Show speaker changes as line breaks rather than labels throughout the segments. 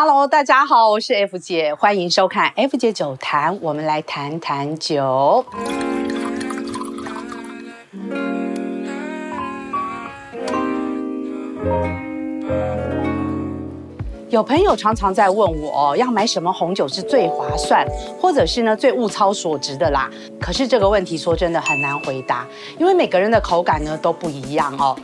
Hello，大家好，我是 F 姐，歡迎收看 F 姐酒談，我們來談談酒。有朋友常常在問我，哦，要買什麼紅酒是最划算，或者是呢最物超所值的啦。可是這個問題說真的很難回答，因為每個人的口感呢都不一樣哦。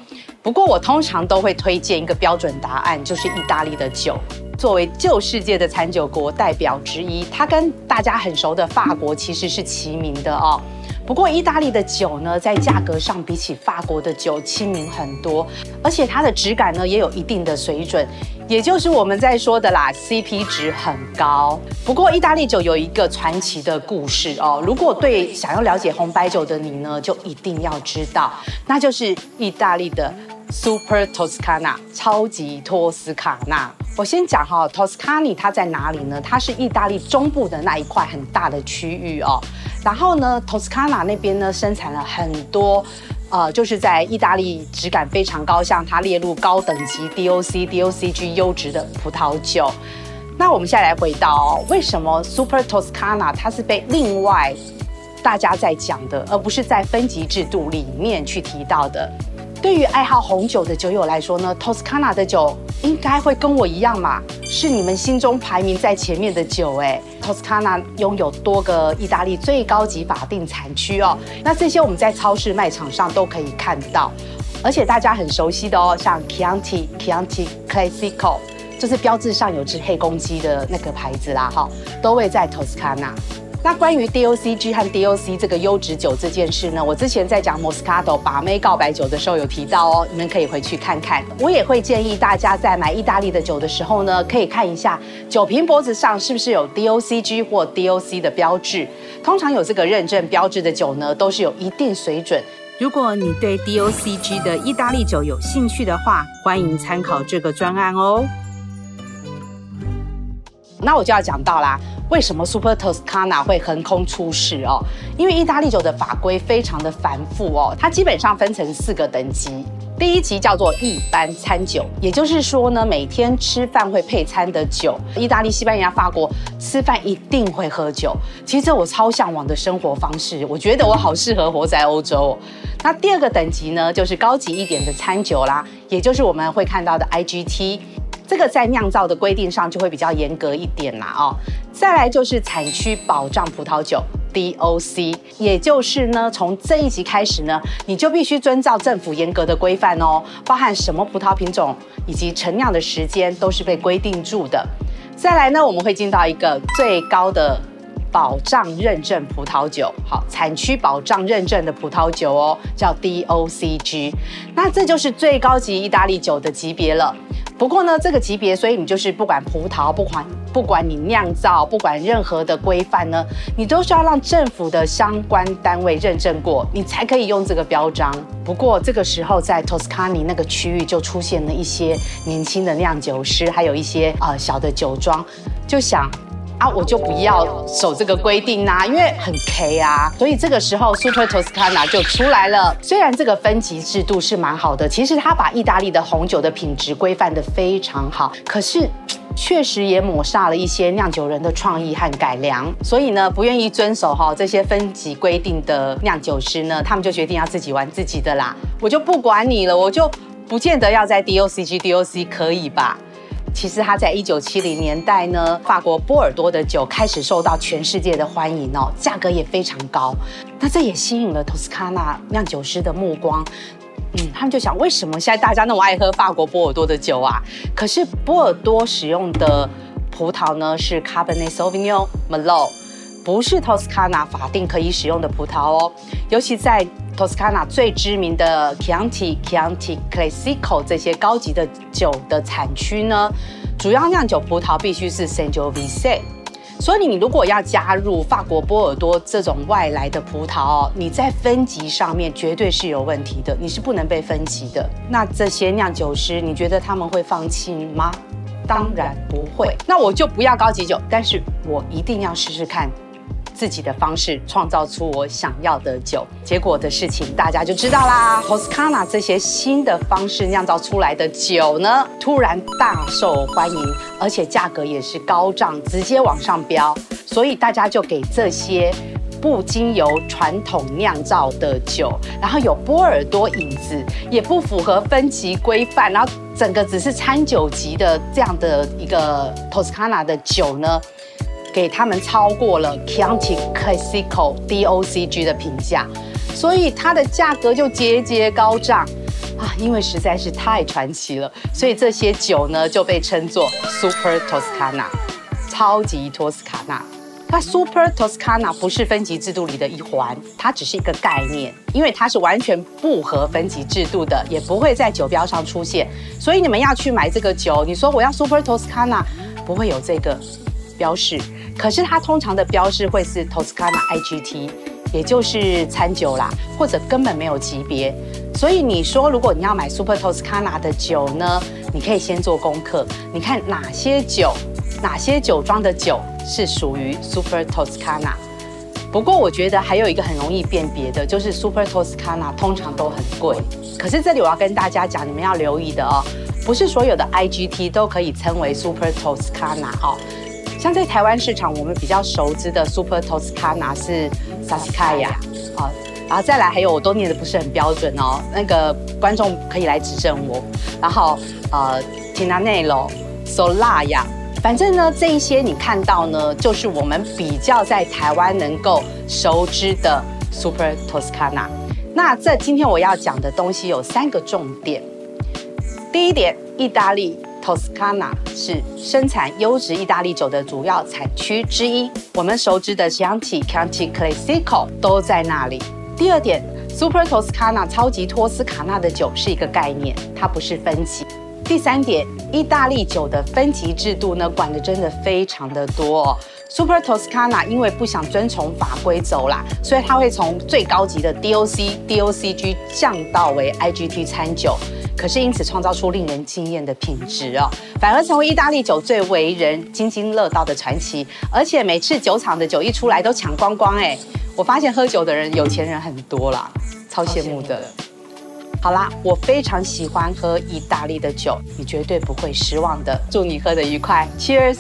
不過我通常都會推薦一個標準答案，就是意大利的酒。作為舊世界的餐酒國代表之一，它跟大家很熟的法國其實是齊名的哦。不過意大利的酒呢，在價格上比起法國的酒親民很多，而且它的質感呢也有一定的水準，也就是我們在說的啦，CP 值很高。不過意大利酒有一個傳奇的故事哦，如果對想要了解紅白酒的你呢，就一定要知道，那就是意大利的。Super Toscana，超級托斯卡納。我先講哈哦，Toscana 它在哪裡呢？它是意大利中部的那一塊很大的區域哦。然後呢，Toscana 那邊呢，生產了很多，呃，就是在意大利質感非常高，像它列入高等級 DOC、DOCG 優質的葡萄酒。那我們下來回到哦，為什麼 Super Toscana 它是被另外大家在講的，而不是在分級制度裡面去提到的？對於愛好紅酒的酒友來說呢，Toscana 的酒應該會跟我一樣嘛，是你們心中排名在前面的酒哎。Toscana 擁有多個意大利最高級法定產區哦，那這些我們在超市賣場上都可以看到，而且大家很熟悉的哦，像 Chianti、Chianti Classico，就是標誌上有隻黑公雞的那個牌子啦，哈，都會在 Toscana。那關於 DOCG 和 DOC 這個優質酒這件事呢，我之前在講 Moscato 把妹告白酒的時候有提到哦，你們可以回去看看。我也會建議大家在買意大利的酒的時候呢，可以看一下酒瓶脖子上是不是有 DOCG 或 DOC 的標誌。通常有這個認證標誌的酒呢，都是有一定水準。如果你對 DOCG 的意大利酒有興趣的話，歡迎參考這個專案哦。那我就要講到啦。為什麼 Super Toscana 會橫空出世哦？因為意大利酒的法規非常的繁複哦，它基本上分成四個等級。第一級叫做一般餐酒，也就是說呢，每天吃飯會配餐的酒。意大利、西班牙、法國吃飯一定會喝酒，其實我超嚮往的生活方式，我覺得我好適合活在歐洲哦。那第二個等級呢，就是高級一點的餐酒啦，也就是我們會看到的 IGT。這個在釀造的規定上就會比較嚴格一點啦哦。再來就是產區保障葡萄酒 （DOC），也就是呢，從這一級開始呢，你就必須遵照政府嚴格的規範哦，包含什麼葡萄品種以及陳釀的時間都是被規定住的。再來呢，我們會進到一個最高的保障認證葡萄酒，好，產區保障認證的葡萄酒哦，叫 DOCG，那這就是最高級意大利酒的級別了。不過呢，這個級別，所以你就是不管葡萄，不管不管你釀造，不管任何的規範呢，你都是要讓政府的相關單位認證過，你才可以用這個標章。不過這個時候，在托斯卡尼那個區域就出現了一些年輕的釀酒師，還有一些呃小的酒莊，就想。啊，我就不要守這個規定吶、啊，因為很 k 啊，所以這個時候 Super Toscana 就出來了。雖然這個分級制度是蠻好的，其實它把意大利的紅酒的品質規範得非常好，可是確實也抹殺了一些釀酒人的創意和改良。所以呢，不願意遵守哈、哦、這些分級規定的釀酒師呢，他們就決定要自己玩自己的啦。我就不管你了，我就不見得要在 DOCG DOC 可以吧。其實他在一九七零年代呢，法國波爾多的酒開始受到全世界的歡迎哦，價格也非常高，那這也吸引了托斯卡納釀酒師的目光。嗯，他們就想，為什麼現在大家那麼愛喝法國波爾多的酒啊？可是波爾多使用的葡萄呢是 Cabernet Sauvignon、Merlot。不是 Toscana 法定可以使用的葡萄哦，尤其在 Toscana 最知名的 Chianti、Chianti Classico 這些高級的酒的產區呢，主要釀酒葡萄必須是 Sangiovese。所以你如果要加入法國波爾多這種外來的葡萄哦，你在分級上面絕對是有問題的，你是不能被分級的。那這些釀酒師，你覺得他們會放棄嗎？當然不會。那我就不要高級酒，但是我一定要試試看。自己的方式創造出我想要的酒，結果的事情大家就知道啦。Toscana 這些新的方式釀造出來的酒呢，突然大受歡迎，而且價格也是高漲，直接往上飆。所以大家就給這些不經由傳統釀造的酒，然後有波爾多影子，也不符合分級規範，然後整個只是餐酒級的這樣的一個 Toscana 的酒呢。給他們超過了 Chianti Classico DOCG 的評價，所以它的價格就節節高漲啊！因為實在是太傳奇了，所以這些酒呢就被稱作 Super Toscana 超級 Toscana。它 Super Toscana 不是分級制度裡的一環，它只是一個概念，因為它是完全不合分級制度的，也不會在酒標上出現。所以你們要去買這個酒，你說我要 Super Toscana，不會有這個標識。可是它通常的標示會是 Toscana IGT，也就是餐酒啦，或者根本沒有級別。所以你說如果你要買 Super Toscana 的酒呢，你可以先做功課，你看哪些酒、哪些酒莊的酒是屬於 Super Toscana。不過我覺得還有一個很容易辨別的，就是 Super Toscana 通常都很貴。可是這裡我要跟大家講，你們要留意的哦，不是所有的 IGT 都可以稱為 Super Toscana 哦。像在台灣市場，我們比較熟知的 Super Toscana 是 Sassicaia 啊，然後再來還有我都念的不是很標準哦，那個觀眾可以來指正我。然後呃 Tignanello Solaia，反正呢這一些你看到呢，就是我們比較在台灣能夠熟知的 Super Toscana。那這今天我要講的東西有三個重點，第一點，意大利。Toscana 是生產優質意大利酒的主要產區之一，我們熟知的 Chianti、Chianti Classico 都在那裡。第二點，Super Toscana 超級托斯卡納的酒是一個概念，它不是分級。第三點，意大利酒的分級制度呢，管得真的非常的多，哦。Super Toscana 因為不想遵從法規走啦，所以它會從最高級的 DOC、DOCG 降到為 IGT 餐酒。可是因此創造出令人驚豔的品質哦，反而成為意大利酒最為人津津樂道的傳奇。而且每次酒廠的酒一出來都搶光光哎、欸！我發現喝酒的人有錢人很多啦，超羨慕的。慕的好啦，我非常喜歡喝意大利的酒，你絕對不會失望的。祝你喝得愉快，Cheers！